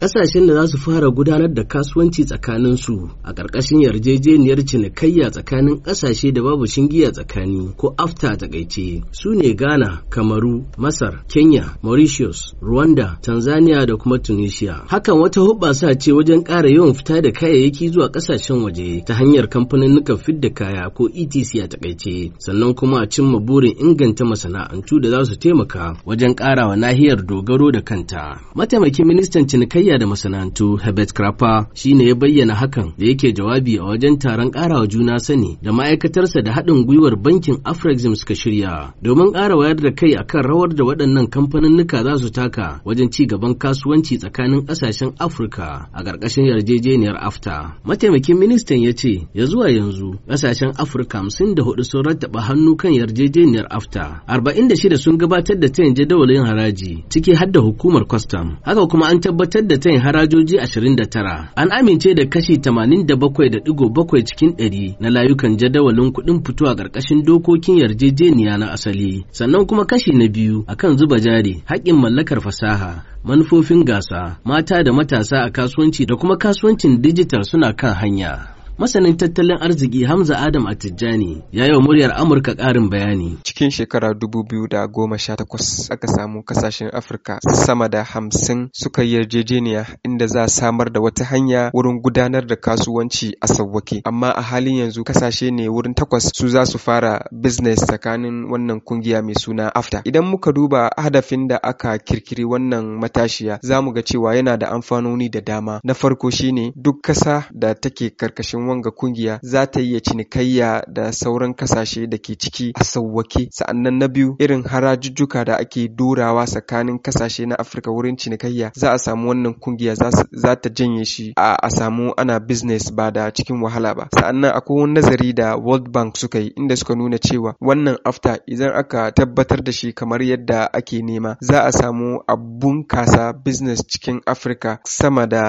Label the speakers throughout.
Speaker 1: ƙasashen da za su fara gudanar da kasuwanci tsakaninsu a ƙarƙashin yarjejeniyar cinikayya tsakanin ƙasashe da babu shingiya tsakani ko afta takaice su ne ghana kamaru masar kenya mauritius rwanda tanzania da kuma tunisia hakan wata hubbasa ce wajen ƙara yawan fita da kayayyaki zuwa ƙasashen waje ta hanyar kamfanin fidda kaya ko etc a takaice sannan kuma a cimma burin inganta masana'antu da za su taimaka wajen ƙarawa nahiyar dogaro da kanta mataimakin ministan cinikayya kimiyya da masana'antu Herbert Krapa shine ya bayyana hakan da yake jawabi a wajen taron ƙarawa juna sani da ma'aikatarsa da haɗin gwiwar bankin Afrexim suka shirya domin ƙara wayar da kai akan rawar da waɗannan kamfaninnika za su taka wajen ci gaban kasuwanci tsakanin ƙasashen Afrika a ƙarƙashin yarjejeniyar AFTA. Mataimakin ministan ya ce ya zuwa yanzu ƙasashen Afirka hamsin da hudu sun rattaba hannu kan yarjejeniyar AFTA, arba'in da shida sun gabatar da ta jadawalin haraji ciki har da hukumar kwastam, haka kuma an tabbatar da ta yin harajoji 29 an amince da kashi 87.7 cikin 100 na layukan jadawalin kuɗin fito a ƙarƙashin dokokin yarjejeniya na asali sannan kuma kashi na biyu akan zuba jari haƙƙin mallakar fasaha manufofin gasa mata da matasa a kasuwanci da kuma kasuwancin dijital suna kan hanya Masanin tattalin arziki Hamza Adam
Speaker 2: a Tijjani ya yi wa muryar Amurka ƙarin bayani. Cikin shekara dubu biyu da goma sha takwas aka samu kasashen Afirka sama da hamsin suka yi yarjejeniya inda za a samar da wata hanya wurin gudanar da kasuwanci a sauwake. Amma a halin yanzu kasashe ne wurin takwas su za su fara business tsakanin wannan kungiya mai suna AFTA. Idan muka duba hadafin da aka kirkiri wannan matashiya za mu ga cewa yana da amfanoni da dama. Na farko shine duk kasa da take karkashin ga kungiya za ta iya cinikayya da sauran kasashe da ke ciki a sauwake sa'annan na biyu irin harajujjuka da ake dorawa tsakanin kasashe na afirka wurin cinikayya za a samu wannan kungiya za ta janye shi a samu ana business ba da cikin wahala ba sa'annan akwai wani nazari da world bank suka yi inda suka nuna cewa wannan afta idan aka tabbatar da shi kamar yadda ake nema za a samu a bunkasa business cikin afirka sama da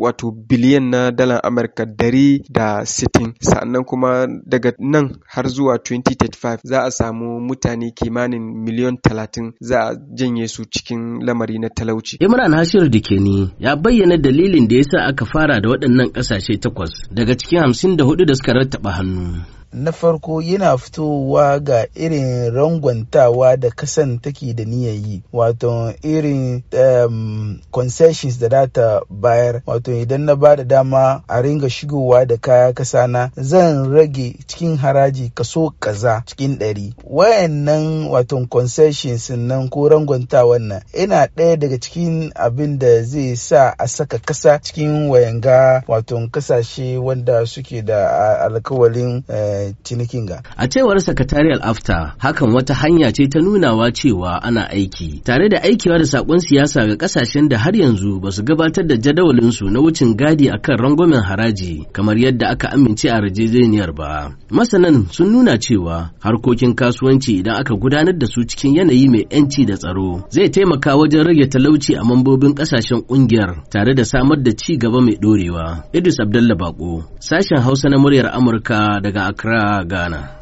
Speaker 2: wato biliyan na dalar amurka dari da da sittin sannan kuma daga nan har zuwa 2035 za a samu mutane kimanin miliyan talatin za a janye su cikin lamari na talauci. Imran Hashir Dikeni ya bayyana dalilin da ya sa aka
Speaker 1: fara da waɗannan ƙasashe takwas daga cikin
Speaker 2: hamsin da hudu da suka rattaba
Speaker 1: hannu.
Speaker 3: na farko yana fitowa ga irin rangwantawa da kasan take da niyayi wato irin um, concessions da data bayar wato idan na ba da dama a ringa shigowa da kaya kasana zan rage cikin haraji kaso kaza cikin ɗari wayannan wato concessions nan ko rangwantawan nan ina ɗaya daga cikin abin da zai sa a saka kasa cikin wayanga wato kasashe wanda suke da alkawalin eh, cinikin
Speaker 1: A cewar sakatariyar AFTA hakan wata hanya ce ta nunawa cewa ana aiki tare da aikiwa da saƙon siyasa ga ƙasashen da har yanzu ba su gabatar da jadawalinsu na wucin gadi a kan rangwamen haraji kamar yadda aka amince a yarjejeniyar ba. Masanan sun nuna cewa harkokin kasuwanci idan aka gudanar da su cikin yanayi mai 'yanci da tsaro zai taimaka wajen rage talauci a mambobin ƙasashen ƙungiyar tare da samar da ci gaba mai ɗorewa. Idris Abdallah Bako, sashen Hausa na muryar Amurka daga Accra. a gana.